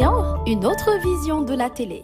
2021, une autre vision de la télé.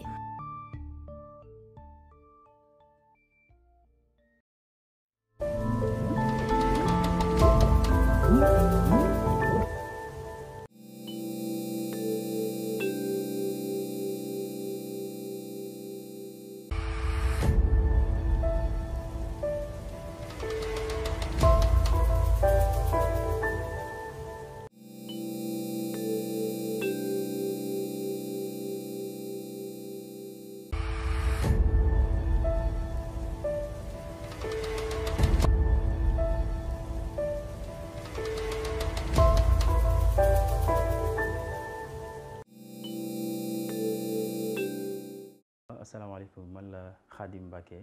asalaamaaleykum man la Khadim Mbacke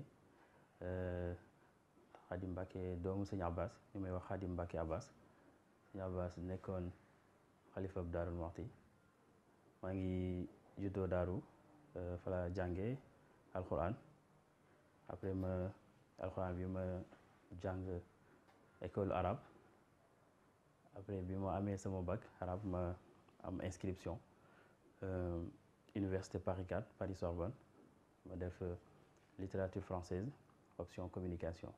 euh, Khadim Mbacke doomu sëñ Abbas ñu may wax Khadim Mbacke Abbas sëñ Abbas nekkoon xalifa bu Daaru Muxti maa ngi juddoo Daaru euh, fa la jànge alxuraan après ma alxuraan bi ma jàng école arabe après bi ma amee sama bac arabe ma am inscription euh, université Paris 4 Paris Sorbonne ma def euh, littérature française option communication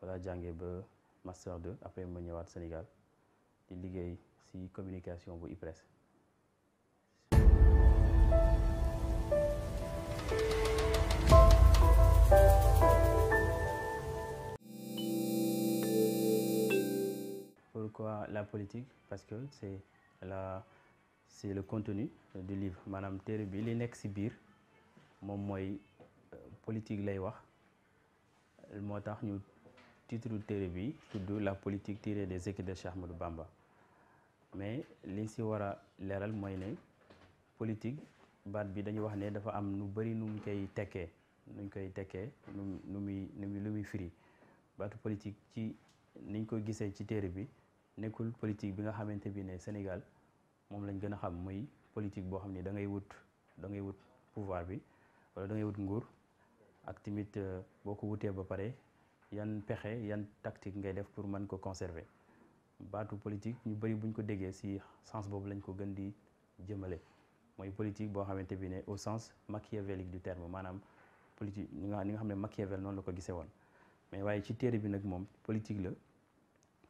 voilà jànge ba master 2 après ma ñëwaat Sénégal di liggéey si communication bu IPRES pourquoi la politique parce que c'est la c'est le contenu du livre maanaam téere bi li nekk si biir moom mooy euh, politique lay wax moo tax ñu titre téere bi tudd la politique tirée des écrits de Cheikh Ahmadou Bamba mais li si war a leeral mooy ne politique baat bi dañuy wax ne dafa am nu bëri nu mu koy tekkee nuñ koy tekkee nu nu muy nu lu firi baatu politique ci niñ ko gisee ci téere bi nekkul politique bi nga xamante bi ne Sénégal moom lañ gën a xam muy politique boo xam ni da ngay wut da ngay wut pouvoir bi wala da ngay wut nguur ak tamit euh, boo ko wutee ba pare yan pexe yan tactique ngay def pour man ko conserver baatu politique ñu bëri buñ ko déggee ci sens boobu lañ ko gën di jëmale mooy politique boo xamante bi ne au sens machiavélique du terme maanaam politique ni nga xam ne Machiavel noonu la ko gisee woon mais waaye ci téere bi nag moom politique la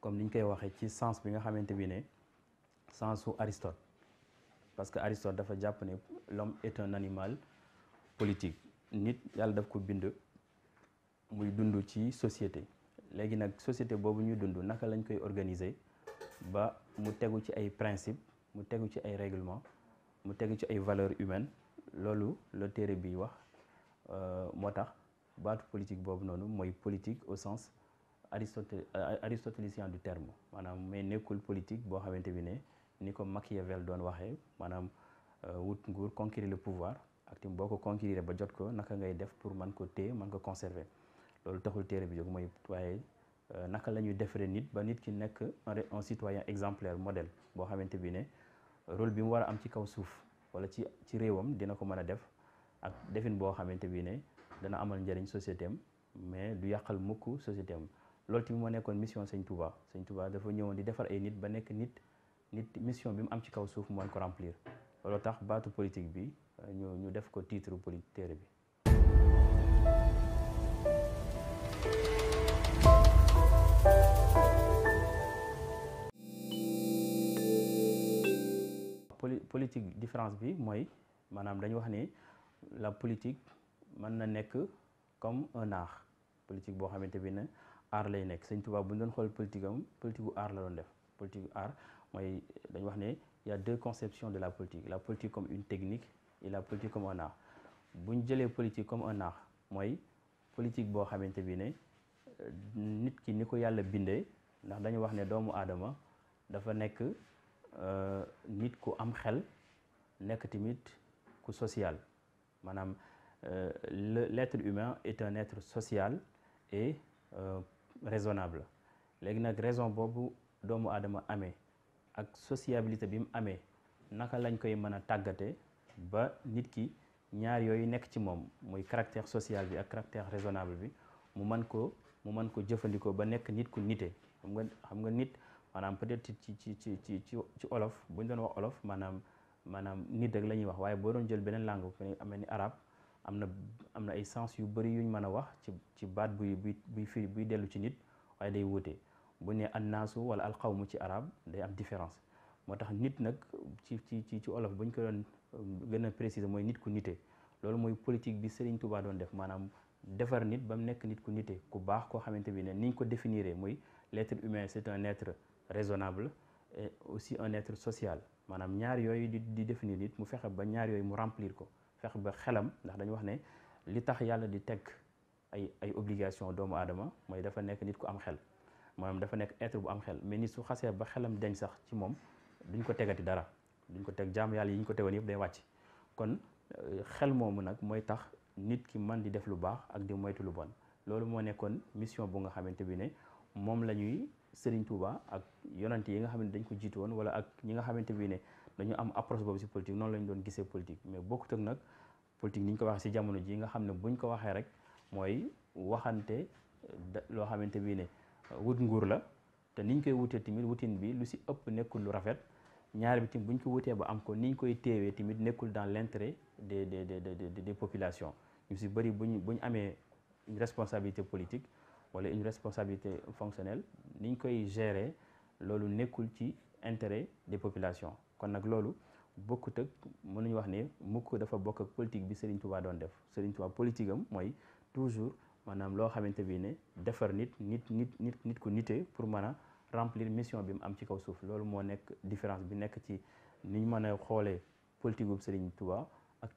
comme ni ñu koy waxee ci sens bi nga xamante bi ne sensu Aristote parce que Aristote dafa jàpp ne l'homme est un politique nit yàlla daf ko bind muy dund ci société léegi nag société boobu ñuy dund naka lañ koy organiser ba mu tegu ci ay principe mu tegu ci ay règlement mu tegu ci ay valeurs humaines loolu la téere bi wax euh, moo tax baatu politique boobu noonu mooy politique au sens aristoté euh, aristotélicien du terme maanaam mais nekkul politique boo xamante bi ne ni ko Machiavel doon waxee maanaam euh, wut nguur conquérir le pouvoir ak tim boo ko conquérir ba jot ko naka ngay def pour man ko téye man ko conserver loolu taxul téere bi jóg mooy waaye euh, naka la ñuy defaree nit ba nit ki nekk un citoyen exemplaire modèle boo xamante bi ne rôle bi mu war a am ci kaw suuf wala ci ci réewam dina ko mën a def ak defin boo xamante bi ne dana amal njëriñ société mais du yàqal mukk société loolu tamit moo nekkoon mission sëñ Touba sëñ ñëwoon di defar ay nit ba nekk nit nit mission bi mu am ci kaw suuf moo ko remplir loolu tax baatu politique bi. ñu ñu def ko titre poli bi poli politique différence bi mooy maanaam dañu wax ni la politique mën na nekk comme un art politique boo xamante bi ne art lay nekk sëñ Tuubaa bu ñu doon xool politique am politique la doon def politique gu mooy dañu wax ne y a deux conceptions de la politique la politique comme une technique il a politique comme un art bu ñu jëlee politique comme un art mooy politique boo xamante bi ne euh, nit ki ni ko yàlla bindee ndax dañu wax ne doomu aadama dafa nekk euh, nit ku am xel nekk tamit ku social maanaam euh, l'être humain est un être social et raisonnable léegi nag raison boobu doomu aadama amee ak sociabilité bi mu amee naka lañ koy mën a tàggate ba nit ki ñaar yooyu nekk ci moom muy caractère sociale bi ak caractère raisonnable bi mu mën ko mu mën ko jëfandikoo ba nekk nit ku nite xam nga xam nga nit maanaam peut-être ci ci ci ci ci olof bu ñu doon wax olof maanaam maanaam nit rek la ñuy wax waaye boo doon jël beneen langue bu amee ni arabe am na am na ay sens yu bëri yuñ mën a wax ci ci baat buy buy buy firi buy dellu ci nit waaye day wuute bu ne annaasu wala alqawmu ci arabe day am différence moo tax nit nag ci ci ci ci olof ba ñu ko doon euh, gën a préciser mooy nit ku nite loolu mooy politique bi Serigne Touba doon def maanaam defar nit ba mu nekk nit ku nite ku baax koo xamante bi ne ni ñu ko définiree muy l'être humain c'est un être raisonnable et aussi un être social maanaam ñaar yooyu di di définir nit mu fexe ba ñaar yooyu mu remplir ko fexe ba xelam ndax dañu wax ne li tax yàlla di teg ay ay obligation doomu aadama mooy dafa nekk nit ku am xel maanaam dafa nekk être bu am xel mais nit su xasee ba xelam deñ sax ci moom duñ ko tegati dara duñ ko teg jaam yàlla yi ñu ko tegoon yëpp day wàcc kon euh, xel moomu nag mooy tax nit ki man di def lu baax ak di moytu lu bon loolu moo nekkoon mission bu nga xamante bi ne moom la ñuy Serigne Touba ak yonante yi nga xam ne dañ ko jiitu woon wala ak ñi nga xamante bi ne dañu am approche boobu ci politique noonu lañ doon gisee politique mais bokkut ak nag politique ni ñu ko waxee ci jamono ji nga xam ne buñ ko waxee rek mooy waxante loo xamante bi ne wut nguur la te niñ koy wutee tamit wutin bi lu ci ëpp nekkul lu rafet ñaar bi tamit bu ñu ko wutee ba am ko ni ñu koy téewee tamit nekkul dans l' de de des des des des populations ñu si bëri bu ñu bu ñu amee une responsabilité politique wala une responsabilité fonctionnelle ni ñu koy gérer loolu nekkul ci intérêt des population kon nag loolu bokkut ak mën mënuñu wax ne mukk dafa bokk ak politique bi Serigne Touba doon def Serigne Touba politique am mooy toujours maanaam loo xamante bi ne defar nit nit nit nit nit ku nite pour mën a remplir mission bi mu am ci kaw suuf loolu moo nekk différence bi nekk ci ni ñu mën a xoolee politique bu Serigne Touba ak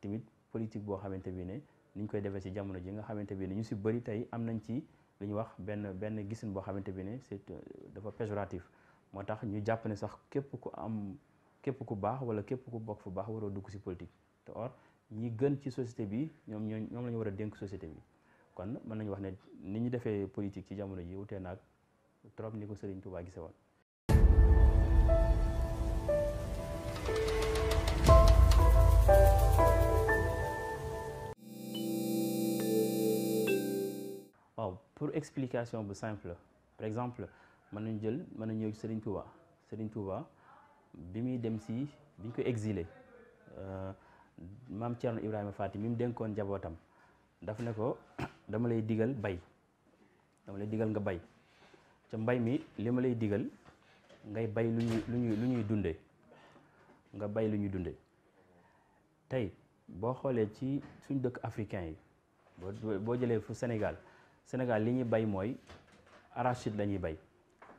politique boo xamante bi ne ni ñu koy defee ci jamono ji nga xamante bi ne ñu si bëri tey am nañ ci li ñu wax benn benn gisin boo xamante bi ne c'est dafa péjoratif moo tax ñu jàpp ne sax képp ku am képp ku baax wala képp ku bokk fu baax waroo dugg si politique te ñi gën ci société bi ñoom ñoom la ñu war a dénk société bi kon mën nañu wax ne ni ñu defee politique ci jamono ji wutee naag trop ni ko Serigne Touba gise woon waaw pour explication bu simple par exemple mën nañu jël mën nañu ñëw Serigne sëriñ Serigne Touba bi muy dem si bi ñu ko exilé euh, maam Thierno Ibrahima Fati mi mu dénkoon njabootam daf ne ko dama lay digal bay dama lay digal nga bay ca mbay mi li ma lay digal ngay bay lu ñuy lu ñuy dundee nga bay lu ñuy dunde tey boo xoolee ci suñ dëkk africain yi boo boo jëlee fu Sénégal Sénégal li ñuy bay mooy arachide lañuy bay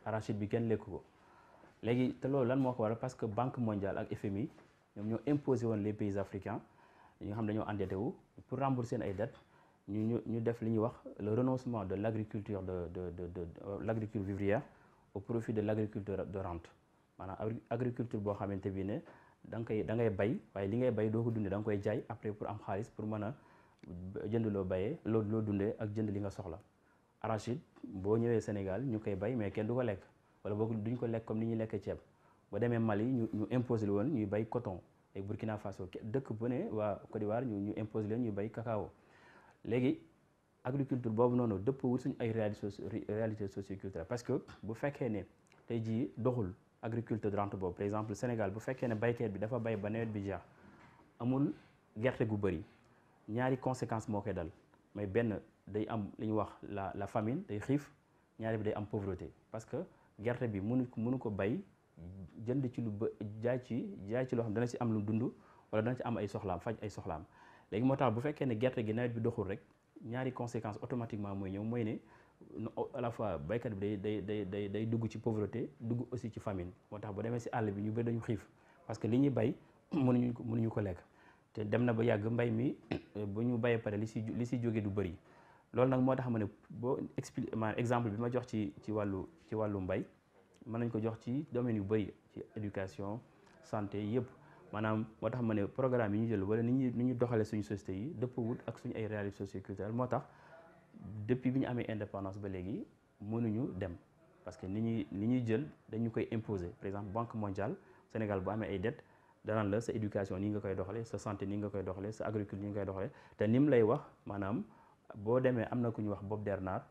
arachide bi kenn lekk ko léegi te loolu lan moo ko waral parce que Banque mondiale ak FMI ñoom ñoo imposé woon les pays africains ñi nga xam dañoo endetté wu pour rembourser seen ay dettes ñu ñu def li ñuy wax le renoncement de l' de de de de euh, l' agriculture vivrière au profit de l' agriculture de rente maanaam agriculture boo xamante bi ne da nga da ngay bay waaye li ngay bay doo ko dundee danga koy jaay après pour am xaalis pour mën a jënd loo bayee loo loo dundee ak jënd li nga soxla arachide boo ñëwee Sénégal ñu koy bay mais kenn du ko lekk wala boog duñ ko lekk comme ni ñuy lekkee ceeb ba demee Mali ñu ñu imposé woon ñuy bay coton et Burkina Faso dëkk bu ne waa Côte d'Ivoire ñu ñu imposé leen ñuy bay cacao. léegi agriculture boobu noonu dëpp wut suñu ay réalité socioculturelle parce que bu fekkee ne tey jii doxul agriculture de boobu par exemple Sénégal bu fekkee ne baykat bi dafa bay ba nawet bi jeex amul gerte gu bëri ñaari conséquence moo koy dal mais benn day am li ñuy wax la la famine day xiif ñaari bi day am pauvreté parce que gerte bi mënu mënu ko bay jënd ci lu ba jaay ci jaay ci loo xam dana ci am lu dund wala dana ci am ay soxlaam faj ay soxlaam léegi moo tax bu fekkee ne gerte gi nawet bi doxul rek ñaari conséquence automatiquement mooy ñëw mooy ne à la fois baykat bi day day day day dugg ci pauvreté dugg aussi ci famine moo tax ba demee si àll bi ñu bëri dañu xiif parce que li ñu bay mënuñu ko mënuñu ko lekk te dem na ba yàgg mbay mi bu ñu bayee pare li si li si jógee du bëri loolu nag moo tax ma ne boo expliqué maanaam exemple bi ma jox ci ci wàllu ci wàllu mbay mën nañ ko jox ci domaine yu bëri ci éducation santé yëpp maanaam moo tax ma ne programme yi ñu jël wala ni ñuy ni ñu doxalee suñu société yi dëppwut ak suñu ay réalités socioculturelles moo tax depuis bi ñu amee indépendance ba léegi mënuñu dem parce que ni ñuy ni ñuy jël dañu koy imposer par exemple banque mondiale Sénégal boo amee ay dettes danaan la sa éducation ni nga koy doxalee sa santé ni nga koy doxalee sa agriculture ni nga koy doxalee te ni mu lay wax maanaam boo demee am na ku ñu wax Bob Dernaar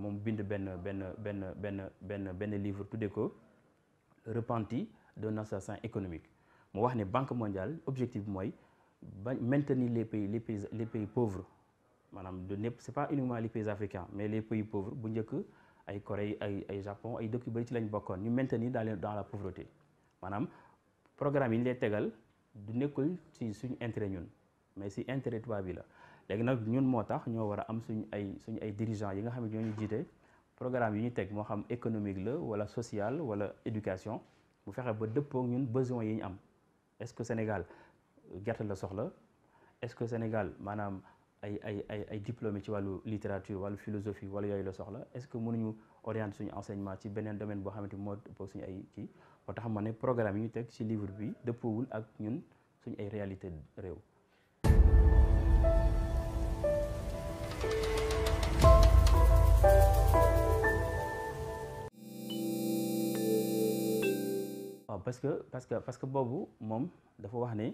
moom bind benn benn benn benn benn benn livre tuddee ko repenti d'un assassin économique moo wax ne banque mondiale objectif bi mooy ba maintenir les pays les pays les pays pauvres maanaam du ñëpp c'est pas uniquement les pays africains mais les pays pauvres bu njëkk ay Corée ay ay Japon ay dëkk yu bëri ci lañ bokkoon ñu maintenir dans dans la pauvreté maanaam programme yi ñu lay tegal du nekkul ci suñu intérêt ñun mais si intérêt tubaab bi la léegi nag ñun moo tax ñoo war a am suñ ay suñu ay dirigeants yi nga xam ne ñoo ñu jiite programme yi ñu teg moo xam économique la wala social wala éducation bu fexe ba dëppook ñun besoin yi ñu am. est-ce que Sénégal gerte la soxla est-ce que Sénégal maanaam ay ay ay ay diplômé ci wàllu littérature wàllu philosophie wala yooyu la soxla est-ce que mënuñu orienter suñu enseignement ci beneen domaine boo xamante moo ëpp suñu ay kii moo tax ma ne programme yi teg ci livre bi dëppoowul ak ñun suñu ay réalité réew parce que parce que parce que boobu moom dafa wax ni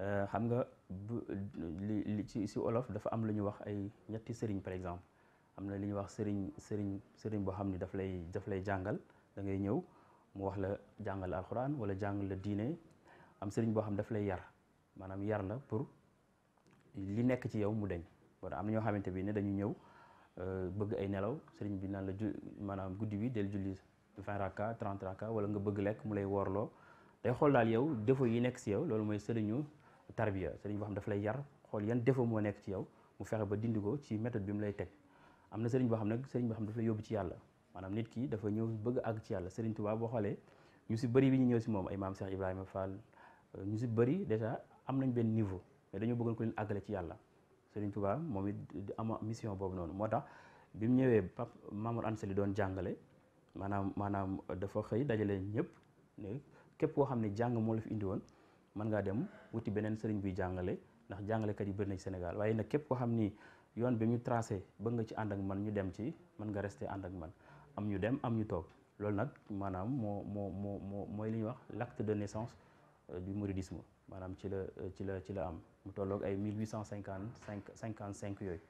euh, xam nga li ci si olof dafa am lu ñuy wax ay ñetti sëriñ par exemple am na li ñuy wax sëriñ sëriñ sëriñ boo xam ni daf lay daf lay jàngal dangay ñëw mu wax la jàngal alxuraan wala jàngal la diine am sëriñ boo xam daf lay yar maanaam yar la pour li nekk ci yow mu deñ bon am na ñoo xamante bi ne dañu ñëw euh, bëgg ay nelaw sëriñ bi naan la ju maanaam guddi bi del julli vingt raka trente raka wala nga bëgg lekk mu lay woorloo day xool daal yow défaut yi nekk si yow loolu mooy sëriñu tarbiya sëriñ boo xam daf lay yar xool yan défaut moo nekk ci yow mu fexe ba dindi ko ci méthode bi mu lay teg am na sëriñ boo xam ne sëriñ boo xam yóbbu ci yàlla maanaam nit ki dafa ñëw bëgg àgg ci yàlla sëriñ Tuubaa boo xoolee ñu si bëri bi ñu ñëw si moom ay maam Cheikh Ibrahima Fall euh, ñu si bëri dèjà am nañ benn niveau mais dañoo bëggoon ko leen àggale ci yàlla sëriñ Tuubaa moom it am mission boobu noonu moo tax bi mu ñëwee Pape Mamour Ansali doon jàngale maanaam maanaam dafa xëy dajale ñëpp ne képp koo xam ne jàng moo la fi indi woon mën ngaa dem wuti beneen sëriñ buy jàngale ndax jàngalekat yi bëri na Sénégal waaye nag képp koo xam ni yoon bi ñu trasé bëgg nga ci ànd ak man ñu dem ci mën nga resté ànd ak man am ñu dem am ñu toog loolu nag maanaam moo moo moo moo mooy li ñuy wax l'acte de naissance euh, du mouridisme maanaam ci la euh, ci la ci la am mu tolloog ay cinq 1855 55 yooyu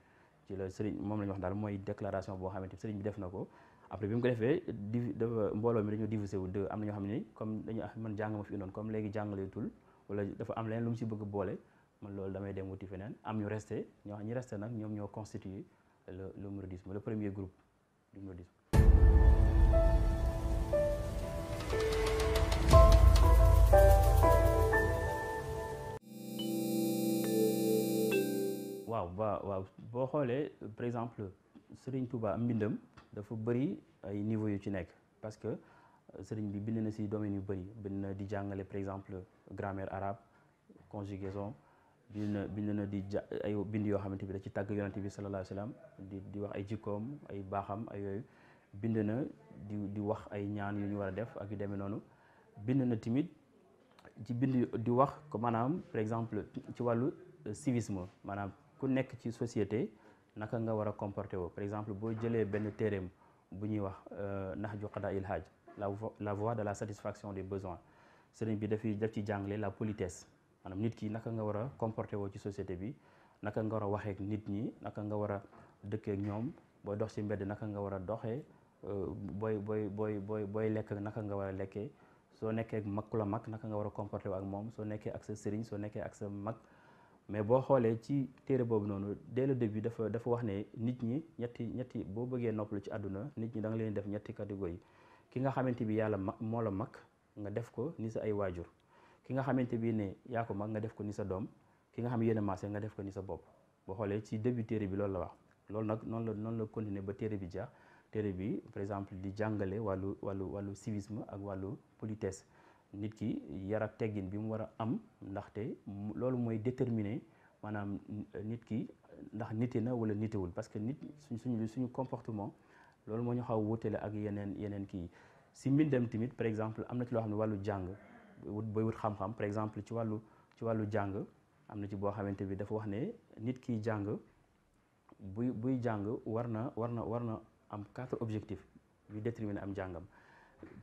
ci la sëriñ moom la wax daal mooy déclaration boo xamante sëriñ bi def na ko après bi mu ko defee divi dafa mbooloo mi dañoo divisé wu am na ñoo xam ne comme dañu ah, man jàng ma fi indoon comme léegi jàngaleetul wala dafa am leneen lu mu si bëgg boole man loolu damay dem wuti feneen am ñu resté ñoo xam ñi reste nag ñoom ñoo constitué le le mouridisme le premier groupe du mouridisme waaw waaw waaw boo xoolee par exemple Serigne Touba am mbindam dafa bëri ay niveau yu ci nekk parce que euh, sëriñ bi bind na si domaine yu bëri bind na di jàngale par exemple grammaire arabe conjugaison bind na bind na di ja ay bind yoo xamante bi da ci tàgg yonante bi sallallahu alayhi wasallam di di wax ay jikkoom ay baaxam ay yooyu bind na di di wax ay ñaan yu ñu war a def ak yu demee noonu bind na tamit ci bind di wax ko par exemple ci wàllu euh, civisme maanaam ku nekk ci société naka nga war a comporté woo par exemple boo jëlee benn téeréem bu ñuy wax euh, Nahju Qadaa il Haaj la la voie de la satisfaction des besoins sëriñ bi dafiy daf ci jàngale la politesse maanaam nit ki naka nga war a comporté woo ci société bi naka nga war a waxeek nit ñi naka nga war a dëkkeek ñoom booy dox ci mbedd naka nga war a doxee euh, booy booy booy booy booy lekk naka nga war a lekkee soo nekkee mag ku la mag naka nga war a comporté woo ak moom soo nekke ak sa sëriñ soo nekkee ak sa mag mais boo xoolee ci téere boobu noonu dès le début dafa dafa wax ne nit ñi ñetti ñetti boo bëggee noppalu ci àdduna nit ñi da nga leen def ñetti catégorie ki nga xamante bi yàlla ma moo la mag nga def ko ni sa ay waajur ki nga xamante bi ne yaa ko mag nga def ko ni sa doom ki nga xam yéen a maase nga def ko ni sa bopp boo xoolee ci début téere bi loolu la wax loolu nag noonu la noonu la continuer ba téere bi jeex téere bi par exemple di jàngale wàllu wàllu wàllu civisme ak wàllu politesse nit ki yar ak teggin bi mu war a am ndaxte loolu mooy déterminer maanaam nit ki ndax nite na wala nitewul parce que nit suñ suñu suñu comportement loolu moo ñu xaw wutale ak yeneen yeneen kii si mbindam tamit par exemple am na ci loo xam ne wàllu jàng wut booy wut xam-xam par exemple ci wàllu ci wàllu jàng am na ci boo xamante bi dafa wax ne nit kiy jàng buy buy jàng war na war na war na am quatre objectif yu déterminer am jàngam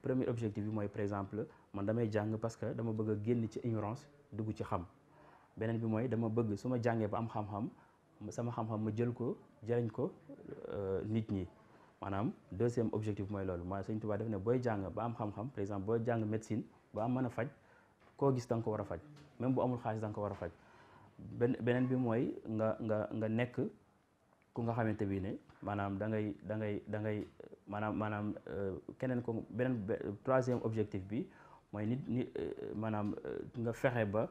premier objectif bi mooy par exemple man damay jàng parce que dama bëgg a génn ci ignorance dugg ci xam beneen bi mooy dama bëgg su ma jàngee ba am xam-xam sama xam-xam ma jël ko jëriñ ko euh, nit ñi maanaam deuxième objectif mooy loolu ma Sëñ Tuubaa def ne booy jàng ba am xam-xam par exemple booy jàng médecine ba am man a faj koo gis da ko war a faj même bu amul xaalis danga ko war a faj beneen bi mooy nga nga nga nekk ku nga xamante bi maanaam da ngay da ngay da ngay maanaam maanaam euh, keneen ko beneen troisième objectif bi mooy nit nit euh, maanaam euh, nga fexe ba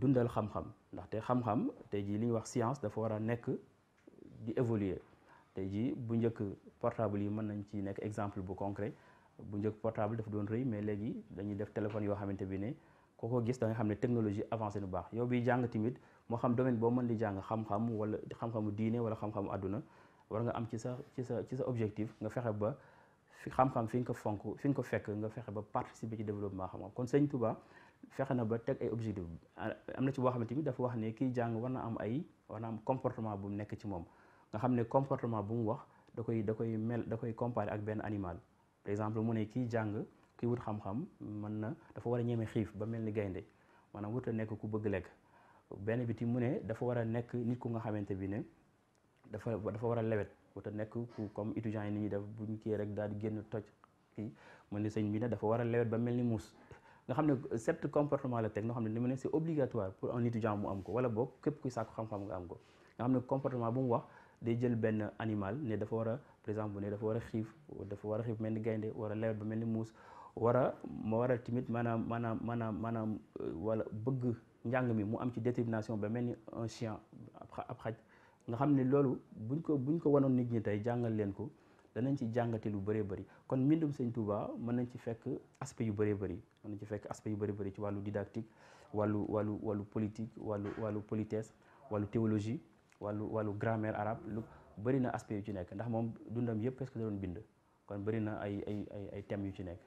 dundal xam-xam ndaxte xam-xam tey jii li ñu wax science dafa war a nekk di évoluer tey jii bu njëkk portable yi mën nañ ci nekk exemple bu concret bu njëkk portable dafa doon rëy mais léegi dañuy def téléphone yoo xamante bi ne koo ko gis da nga xam ne technologie avancée nu baax yow bi jàng tamit moo xam domaine boo mën di jàng xam-xam wala xam-xamu diine wala xam àdduna war nga am ci sa ci sa ci sa objectif nga fexe ba fi xam-xam fi nga ko fonk fi nga ko fekk nga fexe ba participer ci développement xam-xam kon sëñ Touba fexe na ba teg ay objectif ah, am na ci boo xam ne tamit dafa wax ne kii jàng war na am ay war comportement bu mu nekk ci moom nga xam ne comportement bu mu wax da koy da koy mel da koy comparer ak benn animal par exemple mu ne kii jàng kii wut xam-xam mën na dafa war a ñeme xiif ba mel ni gaynde maanaam wut a nekk ku bëgg lekk benn biti mu ne dafa war a nekk nit ku nga xamante bi ne dafa dafa war a lewet a nekk ku comme étudiants yi ni ñuy def buñ kii rek daal di génn toj kii mën ne sëñ bi ne dafa war a lewet ba mel ni muus nga xam ne set comportement la teg nga xam ne ni mu ne c'est obligatoire pour un étudiant mu am ko wala boog képp kuy sàkku xam-xam nga am ko nga xam ne bu mu wax day jël benn animal ne dafa war a par exemple ne dafa war a xiif dafa war a xiif mel ni gaynde war a lewet ba mel ni muus war a ma war a tamit maanaam maanaam maanaam maanaam euh, wala bëgg njàng mi mu am ci détermination ba mel ni un chien ab xaj nga xam ne loolu buñ ko buñ ko wanoon nit ñi tey jàngal leen ko danañ ci jàngate lu bëree bari kon mbindum sëñ Touba mën nañ ci fekk aspect yu bëree bëri mën nañ ci fekk aspect yu bëri bëri ci wàllu didactique wàllu wàllu wàllu politique wàllu wàllu politesse wàllu théologie wàllu wàllu grammaire arabe lu bëri na aspect yu ci nekk ndax moom dundam yëpp presque da doon bind kon bëri na ay ay ay ay thèmes yu ci nekk.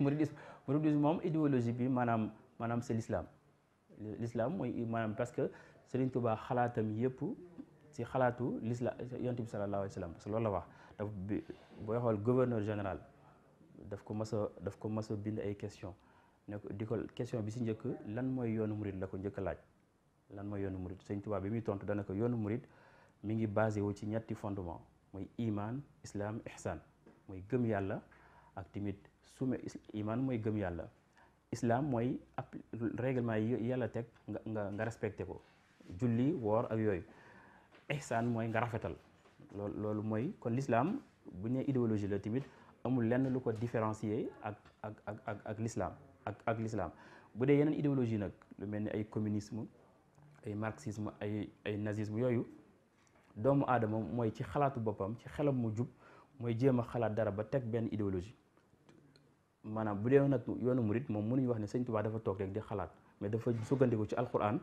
mouridisme mouridisme moom idéologie bi maanaam maanaam c'est lislaam l'islam mooy maanaam parce que Serigne Touba xalaatam yëpp si xalaatu l'islam yonent bi sallallahu alayhi wa la wax daf bi booy général daf ko mas a ko mas bind ay question ne di ko question bi si njëkk lan mooy yoonu murid la ko njëkk a laaj lan mooy yoonu murid Serigne tubaa bi muy tontu dana ko yoonu murid mi ngi basé wu ci ñetti fondement mooy iman islaam ihsan mooy gëm yàlla ak tamit sume iman mooy gëm yàlla islaam mooy ab règlement yi yàlla teg nga nga nga respecté ko julli woor ak yooyu ihsaan mooy nga rafetal loolu mooy kon lislaam bu ñu nee idéologie la tamit amul lenn lu ko différencier ak ak ak ak ak ak ak bu dee yeneen idéologie nag lu mel ni ay communisme ay marxisme ay ay nazisme yooyu doomu aadama mooy ci xalaatu boppam ci xelam mu jub mooy jéem a xalaat dara ba teg benn idéologie maanaam bu dee nag yoonu murit moom mënuñu wax ne sëñ Tuubaa dafa toog rek di xalaat mais dafa sukkandiku ci alquran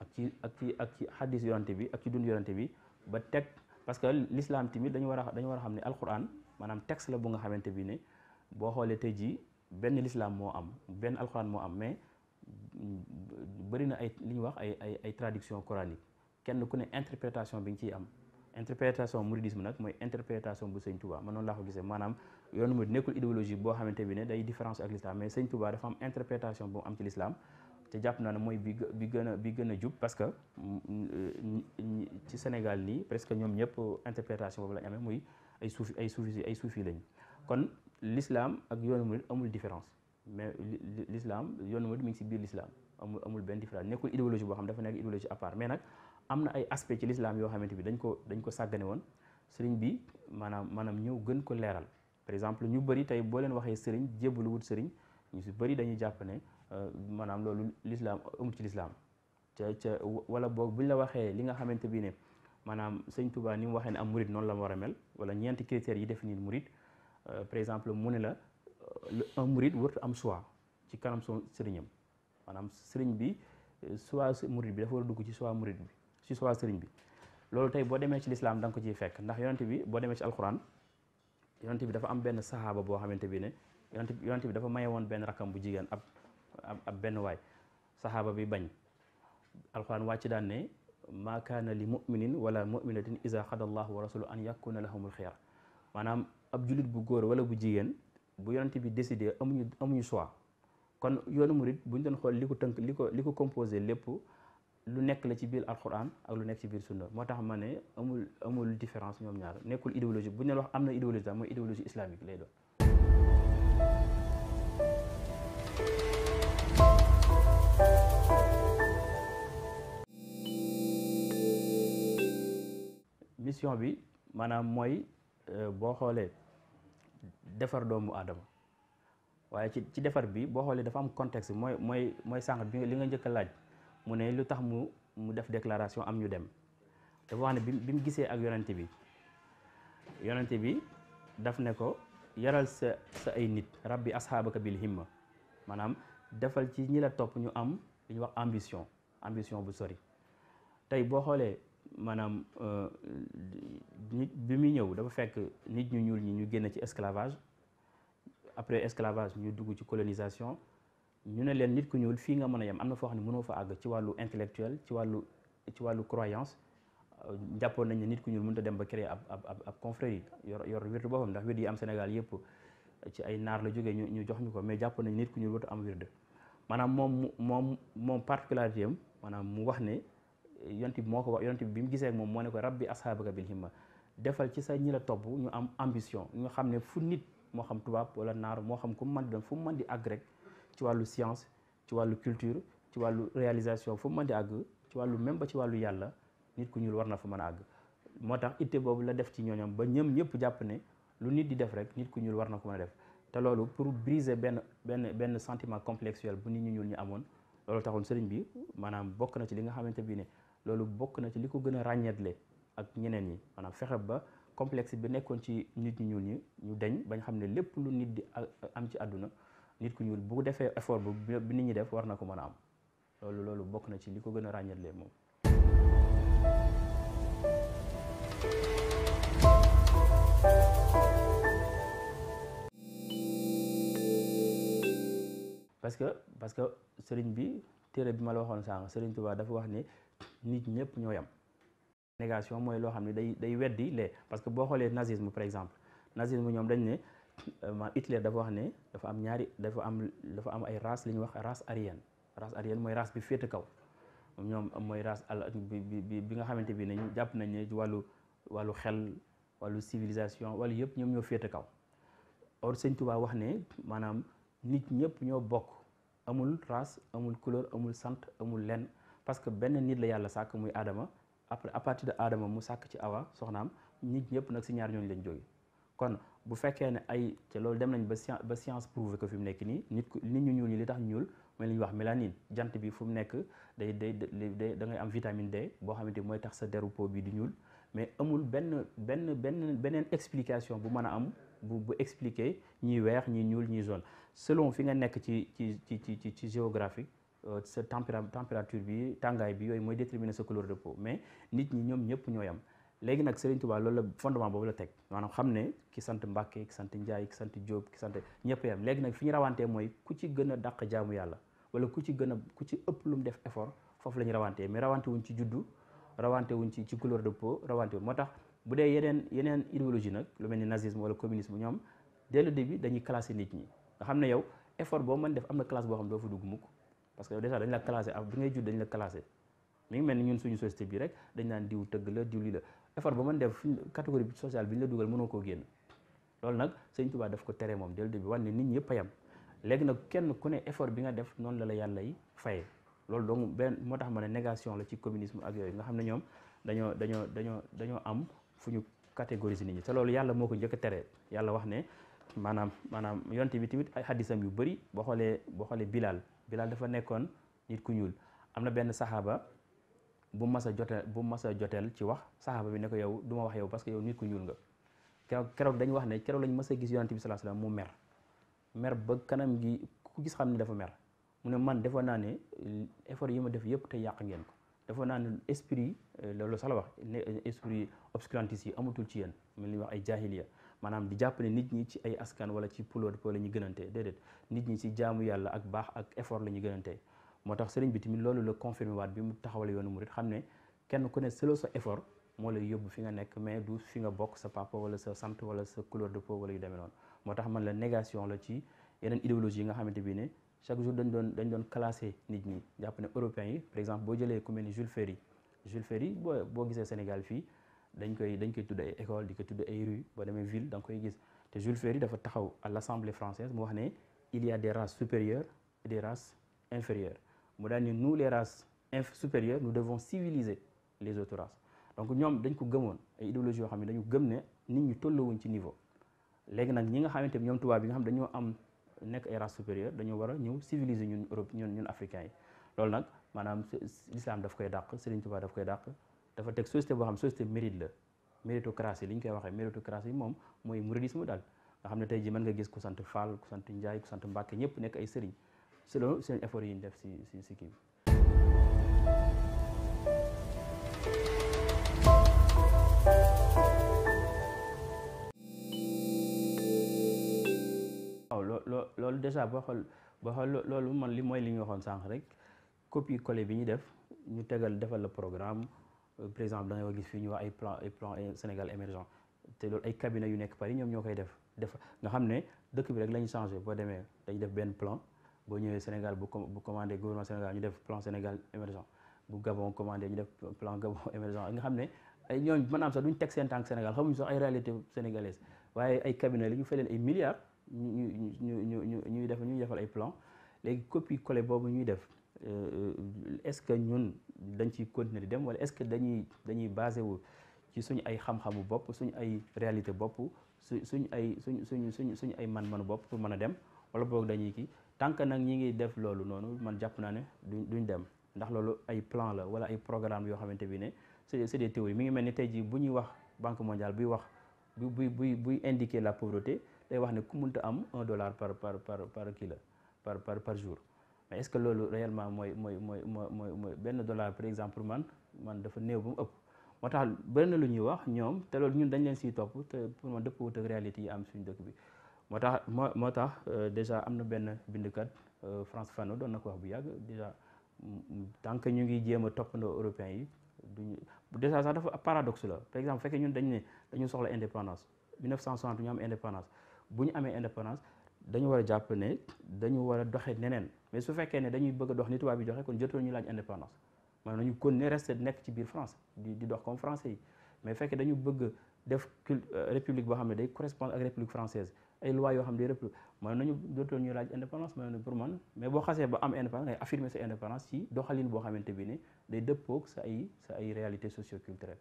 ak ci ak ci ak ci xadis bi ak ci dund yorante bi ba teg parce que l'islam tamit dañu war a dañu war a xam ne alquran maanaam texte la bu nga xamante bi ne boo xoolee tey jii benn l'islam moo am benn alquran moo am mais bëri na ay li ñuy wax ay ay ay traduction coranique kenn ku ne interprétation bi nga ciy am interprétation mouridisme nag mooy interprétation bu sëñ Touba man noonu laa ko gisee maanaam yoonu murid nekkul idéologie boo xamante bi ne day différence ak l'islam mais sëñ Touba dafa am te jàpp naa ne mooy bi bi gën a bi gën a jub parce que mm, ci Sénégal nii presque ñoom ñëpp interprétation boobu lañ amee muy ay suufi ay suufi ay suufi lañ kon l'islam ak yoonu murid amul différence mais l'islam yoonu murid mi ngi si biir l'islam amul amul benn différence nekkul idéologie boo xam dafa nekk idéologie à mais nag am na ay aspect ci lislaam yoo xamante bi dañ ko dañ ko sàggane woon sëriñ bi maanaam maanaam ñëw gën ko leeral par exemple ñu bëri tey boo leen waxee sëriñ jébbalu wut sëriñ ñu si bëri dañuy jàpp ne euh, maanaam loolu lislaam amul ci lislaam ca ca wala boog buñ la waxee li nga xamante bi ne maanaam sëñ Touba ni mu waxee ne am murit noonu la war a mel wala ñeenti critères yi définir murit euh, par exemple mu ne la euh, un murit warut am choix ci kanam son maanaam sëriñ bi choix murit bi dafa war a dugg ci choix murit bi ci waa sëriñ bi loolu tey boo demee ci lislaam da ko ciy fekk ndax yonent bi boo demee ci alxuraan yonent bi dafa am benn saxaaba boo xamante bi ne yonent bi bi dafa maye woon benn rakkam bu jigéen ab ab benn waay saxaaba bi bañ alxuraan wàcc daan ne maa kaana li muminin wala muminatin isa xada allahu wa rasulu an yakuna lahumul xeer maanaam ab julit bu góor wala bu jigéen bu yonent bi décidé amuñu amuñu choix kon yoonu murit buñ doon xool li ko tënk li ko li ko composé lépp lu nekk la ci biir alxuraan ak lu nekk ci biir sunda moo tax ma ne amul amul différence ñoom ñaar nekkul idéologie bu ñu leen wax am na idéologie daal mooy idéologie islamique lay doon. mission bi maanaam mooy euh, boo xoolee defar doomu aadama waaye ci ci defar bi boo xoolee dafa am contexte mooy mooy mooy sànq bi li nga njëkk laaj. mu ne lu tax mu mu def déclaration am ñu dem dafa wax ne bi mu gisee ak yonante bi yonante bi daf ne ko yaral sa sa ay nit rabbi asxaabaka bil himma maanaam defal ci ñi la topp ñu am li ñuy wax ambition ambition bu sori tey boo xoolee maanaam euh, nit bi muy ñëw dafa fekk nit ñu ñuul ñi ñu génn ci esclavage après esclavage ñu dugg ci colonisation ñu ne leen nit ku ñuul fii nga mën a yem am na foo xam ne mënoo fa àgg ci wàllu intellectuel ci wàllu ci wàllu croyance euh, jàppoon nañ ne nit ku ñuul mënut a dem ba créer ab ab ab confrérie yor yor wirdu boppam ndax wirdu yi am Sénégal yëpp ci ay naar la jógee ñu ñu jox ñu ko mais jàppoon nañ nit ku ñuul warut am wirdu maanaam moom moom moom particularité am maanaam mu wax ne euh, yonent bi moo ko wax yonent bi bi mu gisee ak moom moo ne ko rabbi ashaabaka bil himma defal ci sa ñi la topp ñu am ambition ñu xam ne fu nit moo xam tubaab wala naar moo xam ku mu mën fu mu mën di àgg rek ci wàllu science ci wàllu culture ci wàllu réalisation fu man mën di àgg ci wàllu même ci wàllu yàlla nit ku ñuul war na fu mën a àgg moo tax itte boobu la def ci ñooñam ba ñëm ñëpp jàpp ne lu nit di def rek nit ku ñuul war na ko mën a def te loolu pour briser benn benn benn sentiment complexuel bu nit ñu ñuul ñu amoon loolu taxoon sëriñ bi maanaam bokk na ci li nga xamante bi ne loolu bokk na ci li ko gën a ràññeetle ak ñeneen ñi maanaam fexe ba complexe bi nekkoon ci nit ñu ñuul ñi ñu deñ bañ xam ne lépp lu nit di am ci àdduna nit ku ñuul bu defee effort bu bi nit ñi def war na ko mën a am loolu loolu bokk na ci li ko gën a ràññalee moom. parce que parce que sëriñ bi téere bi ma la waxoon sànq sëriñ Tuubaa dafa wax ni nit ñëpp ñoo yam négation mooy loo xam ne day day weddi lee parce que boo xoolee nazisme par exemple nazisme ñoom dañ ne. Euh, ma Hitler dafa wax ne dafa am ñaari dafa am dafa am ay race li ñuy wax race aryenne race aryenne mooy race bi féete kaw ñoom mooy race al bi bi bi nga xamante bi nañu jàpp nañ ne wàllu wàllu xel wàllu civilisation wàllu yëpp ñoom ñoo féete kaw or sëñ Tuubaa wax ne maanaam nit ñëpp ñoo bokk amul race amul couleur amul sant amul lenn parce que benn nit la yàlla sàkk muy aadama après à de Adama mu sàkk ci Awa soxnaam nit ñëpp nag si ñaar ñooñu lañ jóge kon bu fekkee ne ay te loolu dem nañ ba science ba science fi mu nekk nii nit ku nit ñu ñuul ñi li tax ñuul mooy lañuy wax mélanine jant bi fu mu nekk day day day da ngay am vitamine D boo xamante mooy tax sa deru peau bi di ñuul mais amul benn benn benn beneen explication bu mën a am bu bu expliquer ñi weex ñi ñuul ñi jaune selon fi nga nekk ci ci ci ci ci géographique euh, sa température bi tàngaay bi yooyu mooy déterminer sa couleur de peau mais nit ñi ñoom ñëpp ñooy am. léegi nag Serigne Touba loolu la fondement boobu la teg maanaam xam ne ki sant Mbàkke ki sant Njaay ki sant Jóob ki sant ñëpp yam léegi nag fi ñu rawantee mooy ku ci gën a dàq jaamu yàlla wala ku ci gën a ku ci ëpp lu mu def effort foofu la ñu rawantee mais rawante wuñ ci juddu rawante ci ci couleur de peau rawante wuñ moo tax bu dee yeneen yeneen idéologie nag lu mel ni nazisme wala communisme ñoom dès le début dañuy classé nit ñi nga xam ne yow effort boo mën def am na classe boo xam ne doo fa dugg mukk parce que yow déjà ah, bi ngay judd dañ la classé ngi mel ni ñun suñu société bi rek dañ naan diw tëgg la diw lii effort ba mën def catégorie sociale bi ñu la dugal mënoo koo génn loolu nag sëñ Tuubaa daf ko tere moom dès début wan ne nit ñëpp a yem nag kenn ku ne effort bi nga def noonu la la yàlla yi faye loolu donc benn moo tax ma ne négation la ci communisme ak yooyu nga xam ne ñoom dañoo dañoo dañoo dañoo am fu ñu catégoriser nit ñi te loolu yàlla moo ko njëkk a tere yàlla wax ne maanaam maanaam yonte bi tamit ay xaddisam yu bëri boo xoolee boo xoolee Bilal Bilal dafa nekkoon nit ku ñuul am na benn saxaaba bu mas a jotee bu mas a joteel ci wax saxaaba bi ne ko yow ma wax yow parce que yow nit ku ñuul nga keroog keroog dañu wax ne keroog lañ mas a gis yonante bi sallallahu alayhi wasallam mu mer mer ba kanam gi ku gis xam ne dafa mer mu ne man defoon naa ne eh, effort yi ma def yëpp te yàq ngeen ko defoon naa ne esprit eh, loolu sax la wax ne eh, esprit obscurantiste yi amatul ci yéen mel ni wax ay jaahiliya maanaam di jàpp nit ñi ci ay askan wala ci pulo wala ñu gënante déedéet nit ñi ci jaamu yàlla ak baax ak effort la ñu gënante moo tax sëriñ bi tamit loolu la confirmé waat bi mu taxawal yoonu murit xam ne kenn ku ne solo sa effort moo la yóbbu fi nga nekk mais du fi nga bokk sa papa wala sa sant wala sa couleur de peau wala yu demee noonu moo tax man la négation la ci yeneen idéologie yi nga xamante bi ne chaque jour dañ doon dañ doon classé nit ñi jàpp ne européens yi par exemple boo jëlee ku mel ni Jules Ferry boo gisee Sénégal fii dañ koy dañ koy tudd ay école di ko tudd ay rue boo demee ville da nga gis te Jules Ferry dafa taxaw à l'Assemblée française mu wax ne il y a des races supérieures et mu daal ni nous les races inf supérieures nous devons civiliser les autres races donc ñoom dañ ko gëmoon ay idéologie yoo xam ne dañu gëm ne nit ñu tollowuñ ci niveau léegi nag ñi nga xamante ni ñoom tubaab yi nga xam dañoo am nekk ay race war a ñëw civiliser ñun Europe ñun ñun africains loolu nag maanaam l'islam daf koy dàq Serigne Touba daf koy dàq dafa teg société boo xam société mérite la méritocratie li ñu koy waxee méritocratie moom mooy mouridisme daal nga ne tey ji mën nga gis ku sant Fall ku sant Ndiaye ku sant Mbacke ñëpp nekk ay sëriñ selon seen effort yi ñu def si si si kii waaw loo loolu déjà boo xool boo xool man li mooy li ñu waxoon sànq rek copie collé bi ñu def ñu tegal defal la programme euh, par exemple da ngay gis fii ñu wax ay plan ay plan Sénégal émergent te loolu ay cabinet yu nekk Paris ñoom ñoo koy def def nga xam ne dëkk bi rek la ñu changé boo demee dañu def benn plan boo ñëwee Sénégal bu bu commandé gouvernement Sénégal ñu def plan Sénégal émergent bu Gabon commandé ñu def plan Gabon émergent nga xam ne ay ñooñ maanaam sax duñ teg seen tànk Sénégal xamuñu sax ay réalité sénégalaise waaye ay cabinet li ñu fay leen ay milliards ñu ñu ñu ñu ñu ñuy def ñuy defal ay plan léegi copie collé boobu ñuy def euh, euh, est-ce que ñun dañ ciy continuer di dem wala est-ce que dañuy dañuy basé wu ci suñu ay xam-xamu bopp suñ ay réalité bopp su suñu ay suñ suñ suñ suñu ay man-manu bopp pour mën a dem wala boog dañuy kii tant que nag ñi ngi def loolu noonu man jàpp naa ne duñ duñ dem ndax loolu ay plan la wala ay programme yoo xamante bi ne c'est c'est des théories mi ngi mel ni tey jii bu ñuy wax banque mondiale buy wax buy buy buy indiquer la pauvreté day wax ne ku mënta am un dollar par par par par kilo par par par jour mais est-ce que loolu réellement mooy mooy mooy mooy mooy benn dollar par exemple man man dafa néew ba mu ëpp moo tax bëri na lu ñuy wax ñoom te loolu ñun dañ leen siy topp te pour man dëppwut ak réalité am suñu dëkk bi moo tax moo moo tax euh, déjà am na benn bindkat euh, France Fanon doon na ko wax bu yàgg déjà mm, tant que ñu ngi jéem a toppandoo européens yi duñu déjà sax dafa paradoxe la par exemple fekkee ñu dañ ne dañu soxla indépendance 1960 ñu am indépendance bu ñu amee indépendance dañu war a jàpp ne dañu war a doxe neneen mais su fekkee ne dañuy bëgg dox ni tubaab yi doxe kon jotoon ñu laaj indépendance maanaam nañu kon ne resté nekk ci biir France di di dox comme français yi mais fekkee dañu bëgg def euh, république boo xam ne day correspondre ak ay loi yoo xam day rëpp maanaam nañu dootoon ñu laaj indépendance maanaam pour man mais boo xasee ba am indépendance ngay affirmer sa indépendance ci doxalin boo xamante bi ne day dëppoog sa ay sa ay réalité socioculturelle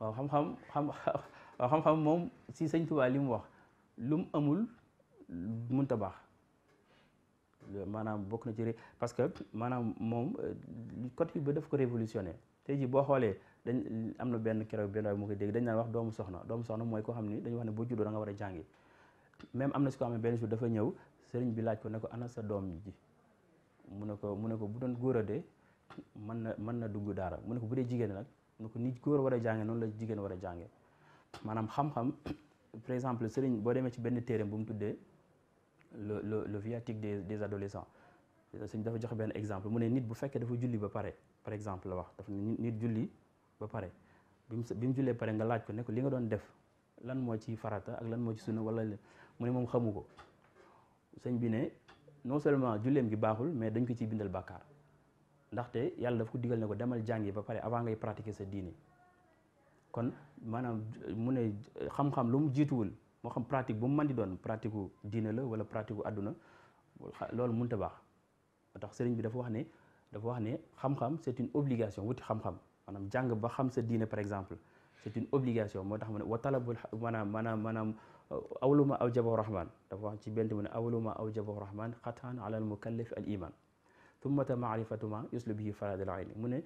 waaw xam-xam xam waaw xam-xam moom si sëñ Tuubaa li mu wax lu mu amul mënta baax maanaam bokk na ci rek parce que maanaam moom euh, côté bi def ko révolutionné tey jii boo xoolee dañ am na benn keroog benn waay moo koy dégg dañ naan wax doomu soxna doomu soxna mooy koo xam ni dañu wax ne boo juddoo da nga a jàngi même am na ko xam ne benn jour dafa ñëw sëriñ bi laaj ko ne ko ana sa doom ji mu ne ko mu ne ko bu doon góor a dee mën na mën na dugg daara mu ne ko bu dee jigéen nag mu ne ko ni góor war a jànge noonu la jigéen war a jànge maanaam xam-xam par exemple sëriñ boo demee ci benn téereem bu mu tuddee le le le viatique des des adolescents euh, sëñ dafa joxe benn exemple mu ne nit bu fekkee dafa julli ba pare par exemple la wax dafa ne nit julli ba pare bi mu bi mu jullee pare nga laaj ko ne ko li nga doon def lan moo ci farata ak lan moo ci sunna wala mu ne moom xamu ko sëñ bi ne non seulement julleem gi baaxul mais dañ ko ciy bindal bàkkaar ndaxte yàlla daf digal ko demal jàngi ba pare avant ngay pratiquer sa diine kon maanaam mu ne xam-xam lu mu jiituwul moo xam pratique bu mu mën di doon pratique gu la wala pratique gu loolu mun a baax moo tax sëriñ bi dafa wax ne dafa wax ne xam-xam c'est obligation wuti xam-xam maanaam jàng ba xam sa diina par exemple c'est une obligation moo tax mu ne wa talabul maanaam maanaam maanaam uh, awluma aw jabahu rahman dafa wax ci benn mu ne awluma aw jabahu rahman xataan ala al mukallaf al iman tummata maarifatuma yuslu bihi faradal ayni mu ne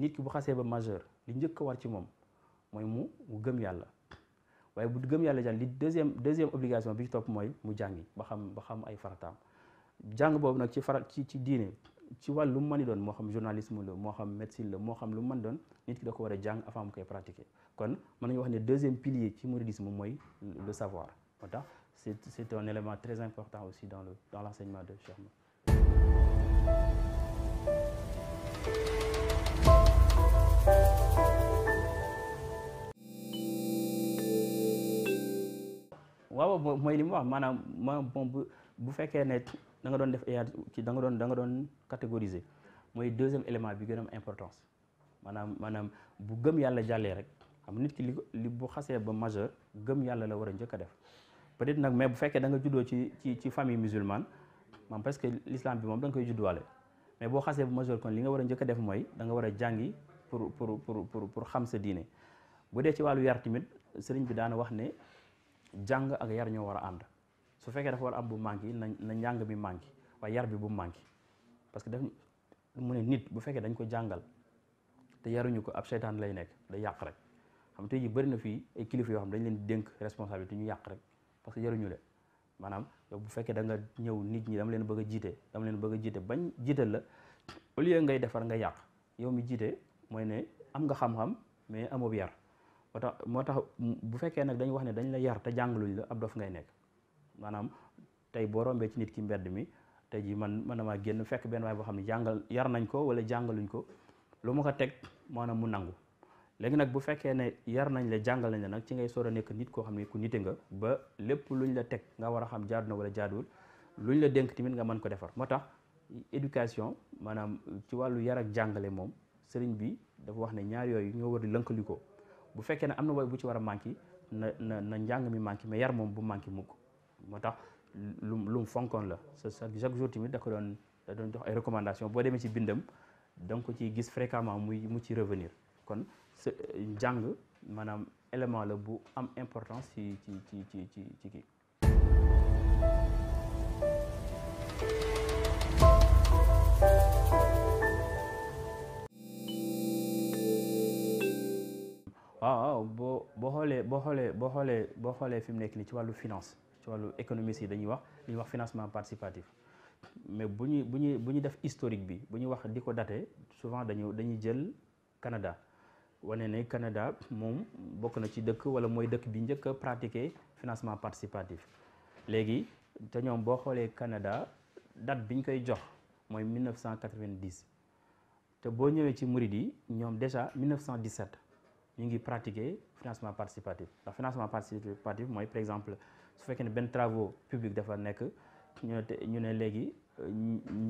nit ki xasee ba majeur li njëkk a war ci moom mooy mu mu gëm yàlla waaye bu gëm yàlla jàng li deuxième deuxième obligation bi ci topp mooy mu jàngi ba xam ba xam ay farataam jàng boobu nag ci farat ci ci diine ci wàllu mu mën doon moo xam journalisme la moo xam médecine la moo xam lu mën doon nit ki da ko war a jàng avant mu koy pratiquer kon mën nañu wax ne deuxième pilier ci mouridisme mooy le savoir moo tax c'est c'est un élément très important aussi dans le dans l'enseignement de Cheikh Mou waaw mooy li mu wax maanaam ma bon bu bu fekkee ne da nga doon def ci da nga doon da nga doon catégoriser mooy deuxième élément bi gën a importance maanaam maanaam bu gëm yàlla jàllee rek xam nit ki li li bu xasee ba majeur gëm yàlla la war a njëkk def peut-être nag mais bu fekkee da nga juddoo ci ci ci famille musulmane maanaam parce que l'islam bi moom da nga koy judduwaale mais boo xasee ba majeur kon li nga war a njëkk def mooy danga nga war a jàngi pour pour pour pour pour xam sa diine wax jàng ak yar ñoo war a ànd su fekkee dafa war a am bu manqué na na njàng mi manqué waaye yar bi bu manqué parce que daf mu ne nit bu fekkee dañ ko jàngal te yaruñu ko ab seytaan lay nekk day yàq rek xam tey ji bëri na fii ay kilifa yoo xam dañ leen dénk responsabilité ñu yàq rek parce que yaruñu leen maanaam yow bu fekkee da nga ñëw nit ñi dama leen bëgg a jiite dama leen bëgg a jiite bañ jiital la au lieu ngay defar nga yàq yow mi jiite mooy ne am nga xam-xam mais amoo yar moo tax moo tax bu fekkee nag dañu wax ne dañu la yar te jàngaluñ la ab dof ngay nekk maanaam tey boo rombee ci nit ki mbedd mi tey ji man mën na maa génn fekk benn waay boo xam ne jàngal yar nañ ko wala jàngaluñ ko lu ma ko teg maanaam mu nangu léegi nag bu fekkee ne yar nañ la jàngal nañ nag ci ngay soor a nekk nit koo xam ne ku nite nga ba lépp luñ la teg nga war a xam jaadu na wala jaaduwul luñ la dénk tamit nga mën ko defar moo tax éducation maanaam ci wàllu yar ak jàngale moom sëriñ bi dafa wax ne ñaar yooyu ñoo war di lënkalikoo bu fekkee ne am na woy bu ci war a manqué na na na njàng mi manqué mais yar moom bu manqué mukk moo tax lu lu fonkoon la sa chaque jour tamit da ko doon doon jox ay recommandation boo demee ci bindam da nga ko ciy gis fréquemment muy mu ci revenir kon sa njàng maanaam élément la bu am importance ci ci ci ci ci kii waaw waaw boo boo xoolee boo xoolee boo xoolee boo xoolee fi mu nekk nii ci wàllu finance ci wàllu économie si dañuy wax li ñuy wax financement participatif mais bu ñuy bu ñuy bu ñu def historique bi bu ñu wax di ko date souvent dañu dañuy jël Canada wane ne Canada moom bokk na ci dëkk wala mooy dëkk bi njëkk a pratiquer financement participatif léegi te ñoom boo xoolee Canada date biñ koy jox mooy 1990 te boo ñëwee ci murid yi ñoom déjà 1917. ñu ngi pratiquer financement participatif ndax financement participatif mooy par exemple su fekkee ne benn travaux publics dafa nekk ñu ne ñu ne léegi euh,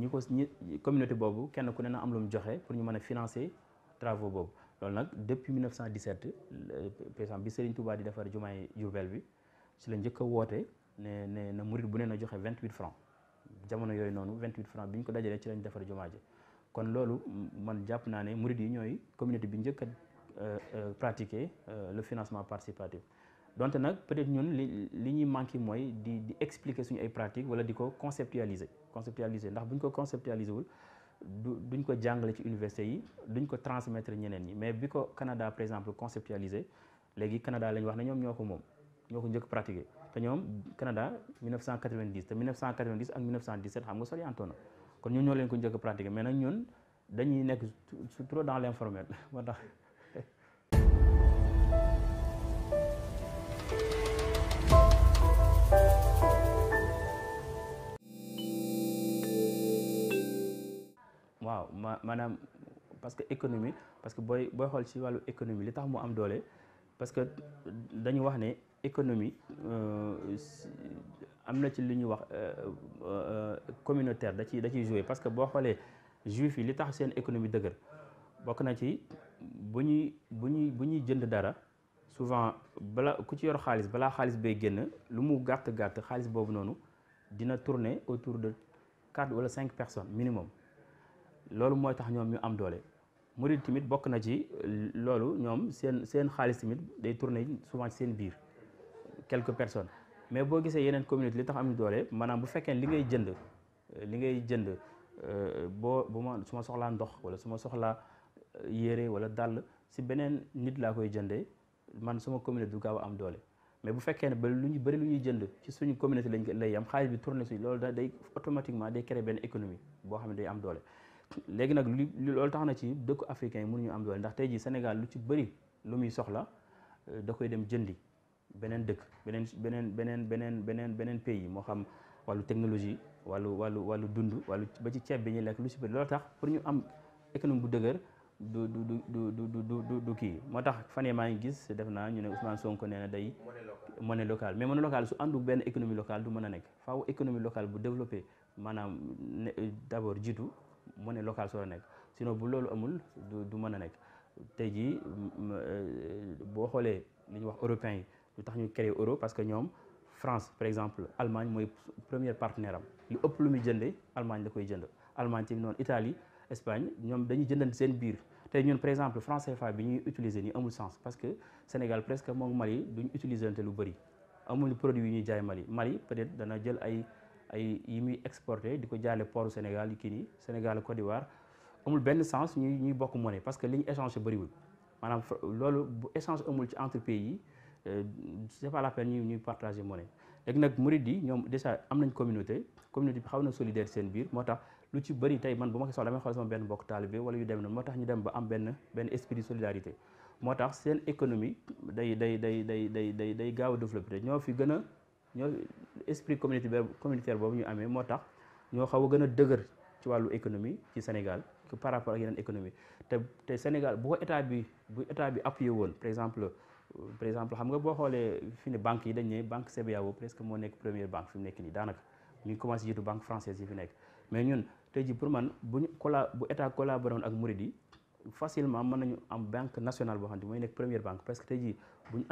ñi ko ñi communauté boobu kenn ku ne na am lu mu joxe pour ñu mën a financer travaux boobu loolu nag depuis 1917 par exemple bi Serigne Touba di defar jumaay Jurbel bi ci la njëkk woote ne ne na murit bu ne na joxe 28 francs jamono yooyu noonu 28 francs bi ñu ko dajalee ci lañ defar jumaa ji a Euh, euh, pratiquer euh, le financement participatif donte nag peut-être ñun li li ñuy manqué mooy di di expliquer suñu ay pratique wala di ko conceptualiser conceptualiser ndax bu ñu ko conceptualiser wul du duñ ko jàngale ci université yi duñ ko transmettre ñeneen ñi mais bi ko Canada par exemple conceptualiser léegi Canada lañ wax ne ñoom ñoo ko moom ñoo ko njëkk pratiquer te ñoom Canada 1990 te 1990 ak 1917 xam nga sori antoona kon ñun ñoo leen ko njëkk pratiquer mais nag ñun dañuy nekk trop dans waaw ma maanaam parce que économie parce que booy booy xool ci wàllu économie li tax mu am doole parce que dañu wax ne économie euh, am na ci li ñuy wax euh, euh, communautaire da ciy da ciy joué parce que boo xoolee juif yi li tax seen économie dëgër bokk na ci bu ñuy bu ñuy bu ñuy jënd dara souvent bala ku ci yor xaalis balaa xaalis bay génn lu mu gàtt gàtt xaalis boobu noonu dina tourner autour de quatre wala cinq personnes minimum. loolu mooy tax ñoom ñu am doole murid tamit bokk na ci loolu ñoom seen seen xaalis tamit day tourner souvent ci seen biir quelques personnes mais boo gisee yeneen communauté li tax am doole maanaam bu fekkee li ngay jënd li ngay jënd euh, boo bu ma su ma soxlaa ndox wala su ma soxlaa euh, yére wala dàll si beneen nit laa koy jëndee man suma communauté du gaaw a am doole mais bu fekkee ne ba lu ñu bëri lu ñuy jënd ci suñu communauté lañ lay am xaalis bi tourné suñ loolu day automatiquement day créer benn économie boo xam ne day am doole léegi nag lu loolu tax na ci dëkku africain yi ñu am doole ndax tey jii Sénégal lu ci bëri lu muy soxla euh, da koy dem jëndi beneen dëkk beneen beneen beneen beneen beneen beneen pays moo xam wàllu technologie wàllu wàllu wàllu dund wàllu ba ci ceeb bi ñuy lekk lu ci bëri loolu tax pour ñu am économie bu dëgër du du du du du du kii moo tax fan maa ngi gis def naa ñu ne Ousmane Sonko nee na day. monnaie locale mais monnaie locale su benn économie du mën a nekk faaw économie locale bu développé maanaam d' abord jiitu monnaie locale soo nekk sinon bu loolu amul du mën a nekk tey jii euh, boo xoolee li ñuy wax européens yi lu tax ñu créé euro parce que ñoom France par exemple Allemagne mooy premier partenaire am lu ëpp lu muy jëndee Allemagne la koy jënd Allemagne tamit noonu Italie Espagne ñoom dañuy jëndante seen biir te ñun par exemple franc CFA bi ñuy utiliser ni amul sens parce que Sénégal presque moom Mali duñ utiliser lu bëri amul produit yu ñuy jaay Mali Mali peut-être dana jël ay. ay yi muy exporté di ko jaalee port Sénégal yi kii nii Sénégal Côte d'Ivoire amul benn sens ñuy ñuy bokk monnaie parce que li ñu échange bariwul maanaam loolu bu échange amul ci entre yi euh, c'est pas la peine ñu ñuy partager monnaie léegi nag murid yi ñoom déjà am nañ communauté communauté bi xaw na solidaire seen biir moo tax lu ci bëri tey man bu ma ko soxla damay xool sama benn mbokk taalibe wala yu dem noonu moo tax ñu dem ba am benn benn esprit de moo tax seen économie day day day day day day day gaaw a développé ñoo fi gën a ñoo esprit communautaire communautaire boobu ñu amee moo tax ñoo xaw a gën a dëgër ci wàllu économie ci Sénégal que par rapport ak yeneen économie te te Sénégal bu ko état bi bu état bi appuyé woon par exemple euh, par exemple xam nga boo xoolee fi ne banque yi dañ ne banque CBAO presque moo nekk première banque fi nekk nii daanaka ñu ngi commencé jiitu banque française yi fi nekk mais ñun tey ji pour man bu ñu colla bu état collaboré woon ak murid yi facilement mën nañu am banque nationale boo xam ne mooy parce que tey ji bu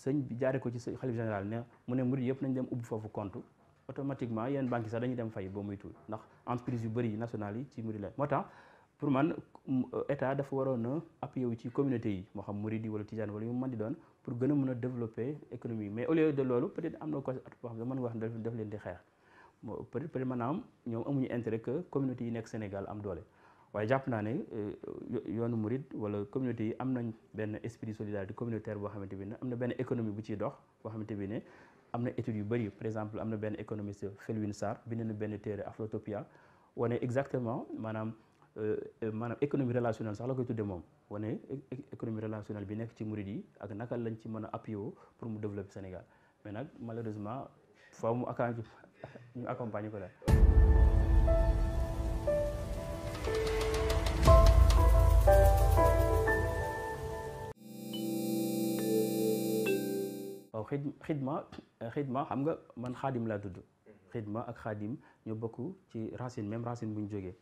sëñ bi jaare ko ci sa xalif général ne mu ne murid yëpp nañ dem ubbi foofu compte automatiquement yeneen banque yi sax dañuy dem fay boo muy tuuti ndax entreprise yu bëri yi nationales yi ci murid la moo tax pour man euh, état dafa waroon a appuyé wu ci communauté yi moo xam murid yi wala tijaan wala yu mën di doon pour gën a mën a développer économie mais au lieu de loolu peut être am na ko at boo xam ne mën nga wax ne daf leen di xeex peut être peut ñoom yi nekk Sénégal doole waaye jàpp naa ne euh, yoonu murid wala communauté yi am nañ benn esprit de communautaire boo xamante bi ne am na benn économie bu ciy dox boo xamante bi ne am na études yu bëri par exemple am na benn économiste Felwine Sarr bind na benn téere Afrotopia wane exactement maanaam euh, maanaam économie relationnelle sax la koy tuddee moom wane économie relationnelle bi nekk ci murid yi ak naka lañ ci mën a appuyé pour mu développer Sénégal mais nag malheureusement foo mu accompagner ñu accompagner ko daal. waaw xid xidma xidma xam nga man xaadim laa tudd mhm. xidma ak xaadim ñu bokk ci racine même racine bu ñu jógee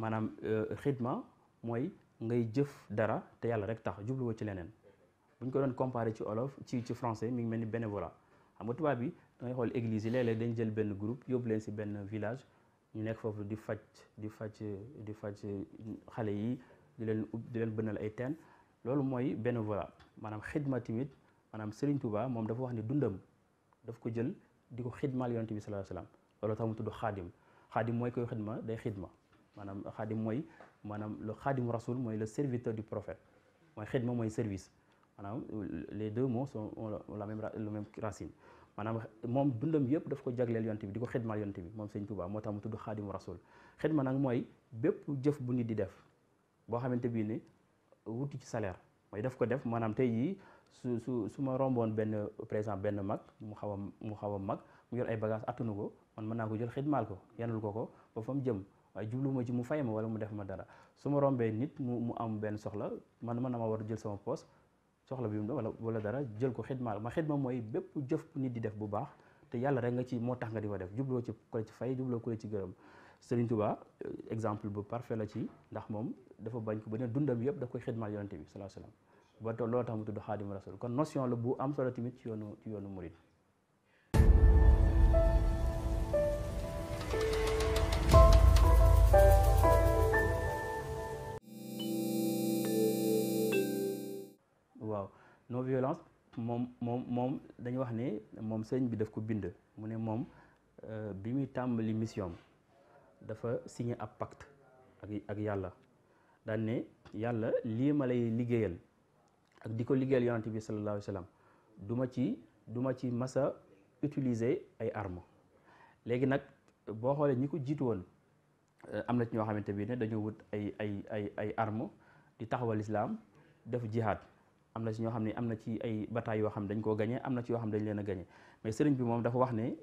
maanaam euh, xidma mooy ngay jëf dara te yàlla rek tax jubluwoo ci leneen mhm. bu ñu ko doon comparer ci olof ci ci français mi ngi mel ni bénévolat xam nga tubaab bi da xool église yi léeg-léeg dañ jël benn groupe yóbbu leen si benn village ñu nekk foofu di faj di faj di faj xale yi di leen di leen bënal ay teen loolu mooy bénévolat maanaam xidma timit maanaam Serigne Touba moom dafa wax ni dundam daf ko jël di ko xidmaal yonent bi sallallahu alayhi wasallam loolu tax mu tudd xaadim mooy koy xidma day xidma maanaam xaadim mooy maanaam le xaadimu rasul mooy le serviteur du prophète mooy xidma mooy service maanaam les deux mots sont la même le même racine maanaam moom dundam yëpp daf ko jagleel yonent bi di ko xidmaal yonent bi moom Serigne Touba moo tax mu tudd xaadimu rasul xidma nag mooy bépp jëf bu nit di def boo xamante bii ne wuti ci salaire mooy daf ko def maanaam tey su su su ma romboon benn par exemple benn mag mu xaw a mu xaw mag yor ay bagage attunu ko man mën naa ko jël xidmaal ko yanul ko ko ba fa mu jëm waaye jubluwuma ci mu fay ma wala mu def ma dara su rombee nit mu mu am benn soxla man mën na ma war jël sama soxla bi mu doon wala wala dara jël ko xidmaal ma xidma mooy bépp jëf nit di def bu baax te yàlla rek nga ci moo tax nga di ko def jubloo ci ku la ci fay jubloo ku la ci gërëm Serigne Touba euh, exemple bu parfait la ci ndax moom dafa bañ ko ba ne dundam yëpp daf koy xidmaal yonante bi sallallahu alayhi wasallam ba too loolu tax mu tudd xaadimu rasul kon notion la bu am solo tamit ci yoonu ci yoonu moom moom dañu wax ne moom sëñ bi daf ko bind mu ne moom euh, bi muy tàmbali mission dafa signé ab pacte ak yàlla daan ne yàlla lii ma lay liggéeyal ak di ko liggéeyal yonante bi sallallahu alayhi wa du ma ci du ma ci masa utiliser ay armes léegi nag boo xoolee ñi ko jiitu woon euh, am na ci ñoo xamante bi ne dañoo wut ay ay ay ay armes di taxawal islam def jihad am na ci ñoo xam ne am na ci ay bataille yoo xam dañ koo gañe am na ci yoo xam dañ leen a gañe mais sëriñ bi moom dafa wax ne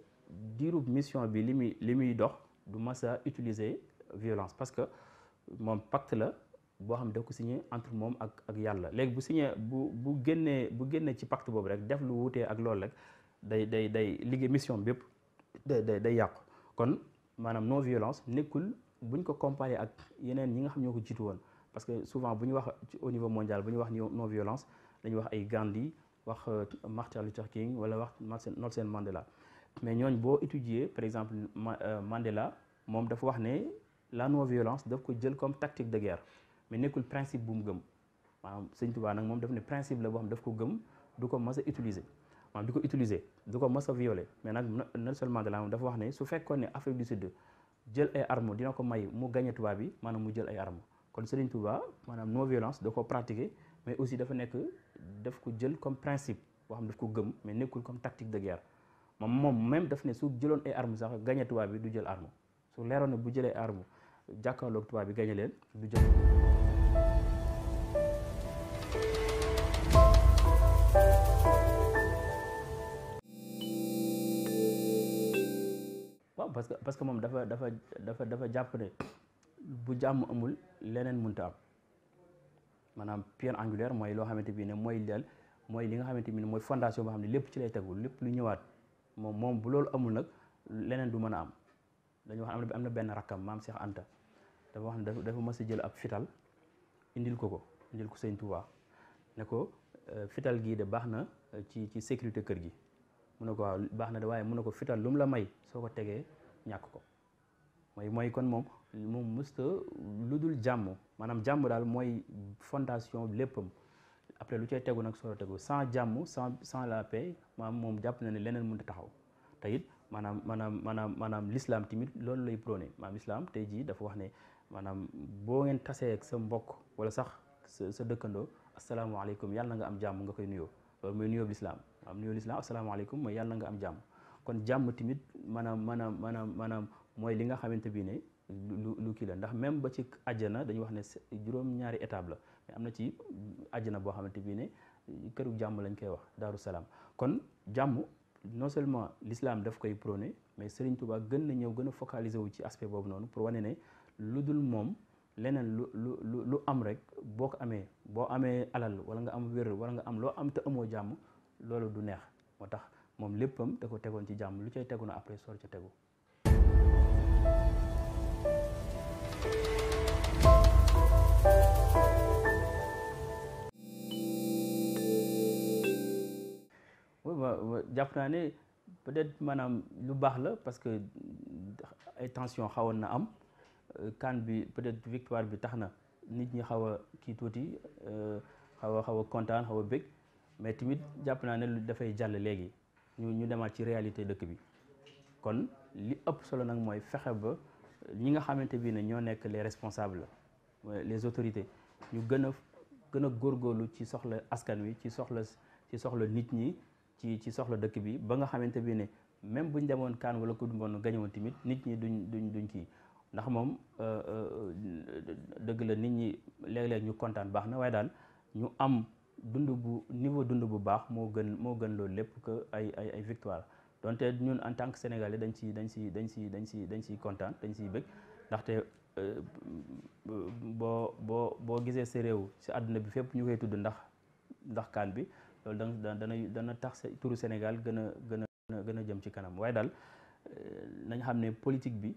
diirub mission bi li muy li muy dox du masa utiliser violence parce que moom pacte la boo xam daf ko signé entre moom ak ak yàlla léegi bu signé bu bu génnee bu génnee ci pacte boobu rek def lu wutee ak loolu rek day day day liggéey mission bépp day day yàqu kon maanaam non violence nekkul buñ ko comparé ak yeneen ñi nga xam ñoo ko jiitu woon parce que souvent bu ñu wax au niveau mondial bu ñu wax non violence dañuy wax ay Gandhi wax euh, Martin Luther King wala wax Nelson Mandela mais ñooñ boo étudier par exemple euh, Mandela moom dafa wax ne la non ko jël comme tactique de guerre mais nekkul principe bu mu gëm maanaam sëñ Tuubaa nag moom daf ne principe la boo xam daf ko gëm du ko mës a utiliser maanaam du ko utiliser du ko mës a violer mais nag non seulement de la dafa wax ne su fekkoon ne Afrique du Sud jël ay armes dina may mu gagné bi maanaam mu jël ay armes kon Sëriñ Tuubaa maanaam non violence da ko pratiquer mais aussi dafa nekk def ko jël comme principe boo xam daf ko gëm mais nekkul comme tactique de guerre moom moom même daf ne su jëloon ay armes sax gagné tubaab bi du jël arme su leeroon ne bu jëlee arme jàkkaarloog tubaab bi gagné leen du jël. parce que parce que moom dafa dafa dafa dafa jàpp ne bu jàmm amul leneen mënta am maanaam pierre angulaire mooy loo xamante bi ne mooy leel mooy li nga xamante bi ne mooy fondation boo xam ne lépp ci lay lépp lu ñëwaat moom moom bu loolu amul nag leneen du mën a am dañu wax am na benn rakkam maam seex Anta dafa wax ne dafa dafa mës a jël ab fital indil ko ko indil ko sëñ Touba ne ko euh, fital gii de baax na euh, ci ci sécurité kër gi mun ne ko waaw baax na de waaye mun ne ko fital lu la may soo ko tegee ñàkk ko mooy mooy kon moom moom mësta lu dul jàmm maanaam jàmm daal mooy fondation léppam après lu cay tegu nag soo tegu sans jàmm sans sans la paix maanaam moom jàpp na ne leneen mënut a taxaw te it maanaam maanaam maanaam maanaam l'islam tamit loolu lay prôné maanaam l'islam tey jii dafa wax ne maanaam boo ngeen tasee ak sa mbokk wala sax sa sa dëkkandoo asalaamaaleykum yàlla na nga am jàmm nga koy nuyoo loolu mooy nuyoo l'islam maanaam nuyoo l'islam asalaamaaleykum mooy yàlla na nga am jàmm kon jàmm tamit maanaam maanaam maanaam maanaam mooy li nga xamante bi ne lu lu kii la ndax même ba ci àjjana dañuy wax ne juróom-ñaari étape la mais am na ci àjjana boo xamante bi ne këru jàmm lañ koy wax daaru salaam kon jàmm non seulement lislaam daf koy prôné mais Serigne Touba gën na ñëw gën a focaliser wu ci aspect boobu noonu pour wane ne lu dul moom leneen lu lu lu lu am rek boo ko amee boo amee alal wala nga am wér wala nga am loo am te amoo jàmm loolu du neex tax moom léppam da ko tegoon ci jàmm lu cay tegu na après soor ca tegu jàpp naa ne peut-être maanaam lu baax la parce que ay tension xawoon na am kan euh, bi peut-être victoire bi tax na nit ñi xaw a kii tuuti euh, xaw a xaw a kontaan xaw a bëgg mais tamit jàpp naa ne dafay jàll léegi ñu ñu demaat ci réalité dëkk bi kon li ëpp solo nag mooy fexe ba ñi nga xamante bi ne ñoo nekk le responsables euh, les autorités ñu gën a gën a góorgóorlu ci soxla askan wi ci soxla ci soxla nit ñi ci ci soxla dëkk bi ba nga xamante bi ne même buñ demoon kaan wala ku mboon gañoon tamit nit ñi duñ duñ duñ kii ndax moom euh, euh, dëgg la nit ñi léeg-léeg ñu kontaan baax na waaye daal ñu am dund bu niveau dund bu baax moo gën moo gën loolu lépp que ay ay ay victoire donte ñun en tant que sénégalais dañ ci dañ ci dañ si dañ ci dañ ciy kontaan dañ ciy bëgg ndaxte euh, boo boo boo gisee sa réew si àdduna bi fépp ñu koy tudd ndax ndax kaan bi loolu da dana dana tax turu Sénégal gën a gën a gën a jëm ci kanam waaye daal euh, nañ xam ne politique bi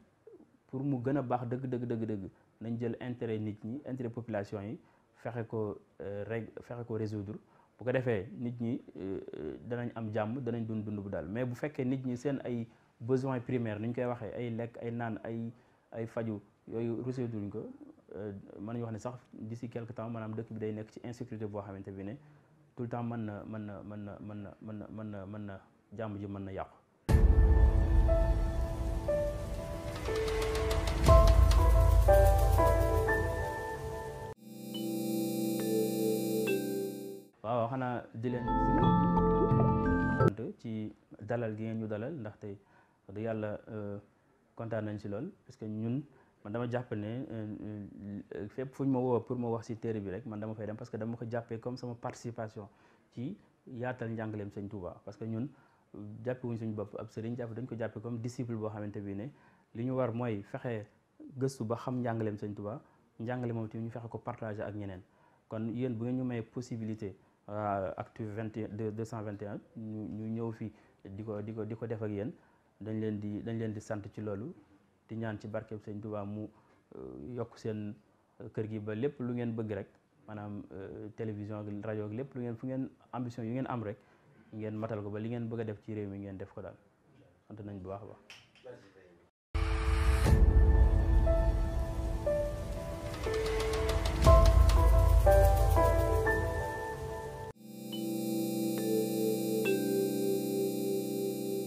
pour mu gën a baax dëgg dëgg dëgg dëgg nañ jël intérêt nit ñi intérêt population yi fexe ko euh, reg fexe ko résoudre bu ko defee nit ñi euh, euh, danañ am jàmm danañ dund dund bu daal mais bu fekkee nit ñi seen ay besoins primaires ni ñu koy waxee ay lekk ay naan ay ay faju yooyu résoudre ñu ko mën nañu wax ne sax di si quelque temps maanaam dëkk bi day nekk ci insécurité boo xamante bi ne tout le temps mën na mën na mën na mën na mën na mën na mën na jàmm ji mën na yàqu waaw xanaa di leen sant ci dalal gi ngeen ñu dalal ndaxte wax dëgg yàlla euh, kontaan nañ si lool parce que ñun man dama jàpp ne euh, euh, fépp fu ñu ma woo pour ma wax si téere bi rek man dama fay dem parce que dama ko jàppee comme sama participation ci yaatal njàngaleem sëñ Touba parce que ñun jàppe wuñ suñu bopp ab sëriñ jàpp dañ ko jàppee comme disciple boo xamante bi ne li ñu war mooy fexe gëstu ba xam njàngaleem sëñ Touba njàngale moom tamit ñu fexe ko partager ak ñeneen kon yéen bu ngeen ñu mayee possibilité waa euh, actu vingt et un deux cent ñu ñu ñëw fi di ko di ko di ko def ak yéen dañ leen di dañ leen di sant ci loolu di ñaan ci barkeb sëñ Tuubaa mu euh, yokk seen euh, kër gi ba lépp lu ngeen bëgg rek maanaam télévision ak rajo ak lépp lu ngeen fu ngeen ambition yu ngeen am rek ngeen matal ko ba li ngeen bëgg a def ci réew mi ngeen def ko daal sant nañ bu baax a